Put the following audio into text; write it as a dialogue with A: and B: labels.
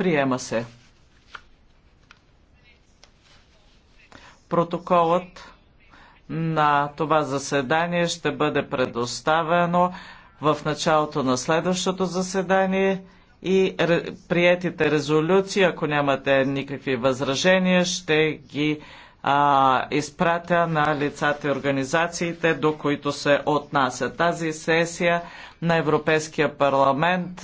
A: Приема се. Протоколът на това заседание ще бъде предоставено в началото на следващото заседание и приетите резолюции, ако нямате никакви възражения, ще ги а, изпратя на лицата и организациите, до които се отнася. Тази сесия на Европейския
B: парламент